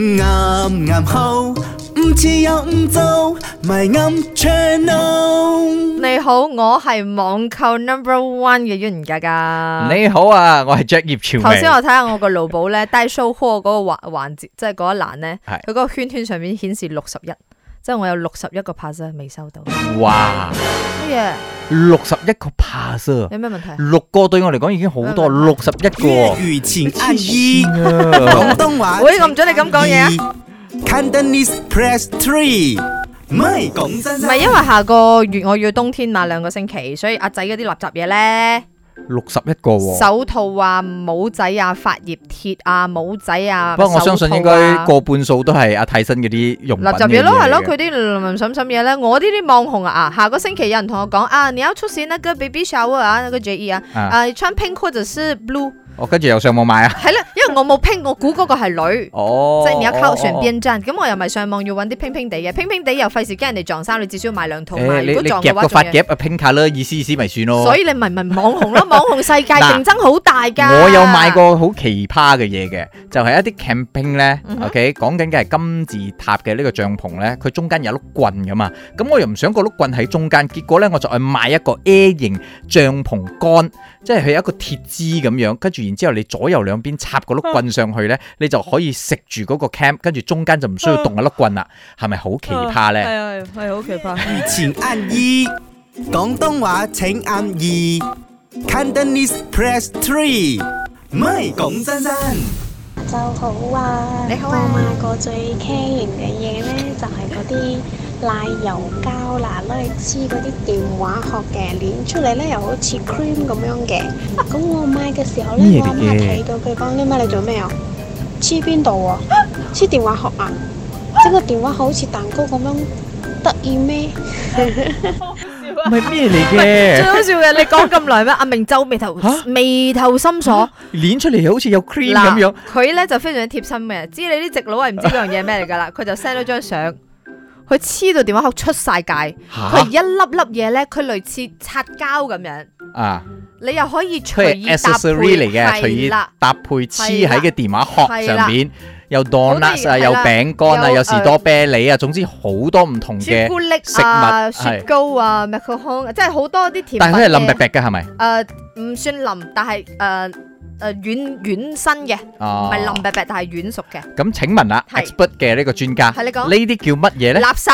你好，我係網購 number one 嘅 u n 冤家噶。你好啊，我係 Jack 葉超。頭先我睇下我 個勞保咧，戴 soho 嗰個環環節，即係嗰一欄咧，佢嗰個圈圈上面顯示六十一。即係我有六十一個 pass 未收到。哇！乜嘢 Yeah.？六十一個 pass 有咩問題？六個對我嚟講已經好多，六十一個。粵前阿姨， 廣東話。喂、 欸，我唔準你咁講嘢。MY 講真真，唔係講真。唔係因為下個月我要冬天那兩個星期，所以阿仔嗰啲垃圾嘢咧。六十一個喎、哦，手套啊、帽仔啊、發熱貼啊、帽仔啊，啊不過我相信應該過半數都係阿泰身嗰啲用品。就咩咯，係咯、嗯，佢啲諗諗諗嘢咧。我呢啲網紅啊，下個星期有人同我講啊，你要出線啊個 BB shower 啊個 JE 啊，那個、啊，啊，啊穿 pink 褲子是 blue。我、哦、跟住又上網買啊？ 我冇拼，我估嗰個係女，即係你一靠上邊針，咁我又咪上網要揾啲拼拼地嘅，拼拼地又費事驚人哋撞衫，你至少要買兩套買。如果撞嘅話，夾個發夾啊，拼下啦，意思意思咪算咯。所以你咪咪網紅咯，網紅世界競爭好大㗎。我有買過好奇葩嘅嘢嘅，就係一啲 camping 呢，OK，講緊嘅係金字塔嘅呢個帳篷咧，佢中間有碌棍噶嘛，咁我又唔想個碌棍喺中間，結果咧我就去買一個 A 型帳篷杆，即係佢有一個鐵枝咁樣，跟住然之後你左右兩邊插個。棍上去咧，你就可以食住嗰個 cam，跟住中間就唔需要動一碌棍啦，係咪好奇葩咧？係，係好奇葩。前按二廣東話請按二 Cantonese press three，唔係講真真，就好啊。 你好、啊、 我買過最 care 嘅嘢咧，就係嗰啲。油膠奶油膠啦，攞嚟黐嗰啲電話殼嘅，捻出嚟咧又好似 cream 咁樣嘅。咁我買嘅時候咧，我買睇到佢講，你買你做咩啊？黐邊度啊？黐電話殼啊？整個電話殼好似蛋糕咁樣得意咩？唔係咩嚟嘅？最好笑嘅，你講咁耐咩？阿明皺眉頭，眉頭深鎖。捻、啊啊、出嚟又好似有 cream 咁樣。佢咧就非常之貼心嘅，知你啲直佬係唔知嗰樣嘢咩嚟㗎啦，佢就 send 咗張相。佢黐到電話殼出曬界，佢一粒粒嘢咧，佢類似擦膠咁樣。啊！你又可以隨意搭配。係 accessory 嚟嘅，隨意搭配黐喺個電話殼上邊，有 donuts 啊，有餅乾啊，有士多啤梨啊，總之好多唔同嘅朱古力、食物、雪糕啊、macaron，即係好多啲甜品。但係佢係腍白白嘅係咪？誒唔算腍，但係誒。誒，軟軟身嘅，唔係腍白白，但係軟熟嘅。咁請問啦，expert 嘅呢個專家，呢啲叫乜嘢咧？垃圾。